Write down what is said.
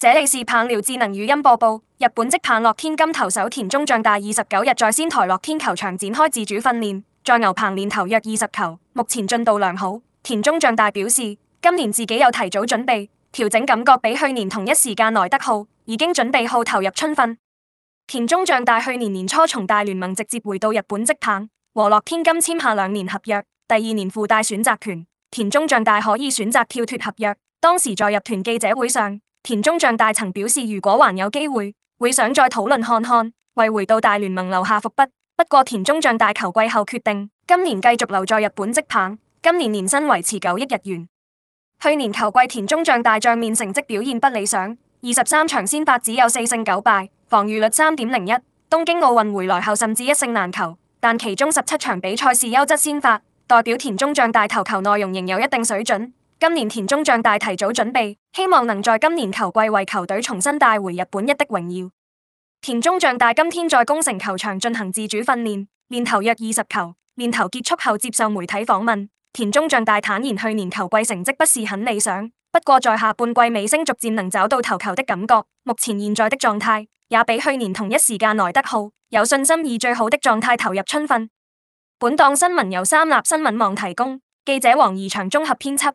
這裡是棒聊智能語音播報。日本職棒樂天金投手田中將大二十九日在仙台樂天球場展開自主訓練，在牛棚練投約二十球，目前進度良好。田中將大表示，今年自己有提早準備，調整感覺比去年同一時間來得好，已經準備好投入春訓。田中將大去年年初從大聯盟直接回到日本職棒，和樂天金簽下兩年合約，第二年附帶選擇權，田中將大可以選擇跳脫合約。當時在入團記者會上。田中將大曾表示，如果還有機會，會想再討論看看，為回到大聯盟留下伏筆。不過，田中將大球季後決定今年繼續留在日本職棒，今年年薪維持九億日元。去年球季田中將大帳面成績表現不理想，二十三場先發只有四勝九敗，防禦率三點零一。東京奧運回來後，甚至一勝難求，但其中十七場比賽是優質先發，代表田中將大投球，球內容仍有一定水準。今年田中將大提早準備，希望能在今年球季為球隊重新帶回日本一的榮耀。田中將大今天在宮城球場進行自主訓練，練投約二十球。練投結束後接受媒體訪問，田中將大坦言去年球季成績不是很理想，不過在下半季尾聲逐漸能找到投球的感覺。目前現在的狀態也比去年同一時間來得好，有信心以最好的狀態投入春訓。本檔新聞由三立新聞網提供，記者王儀翔綜合編輯。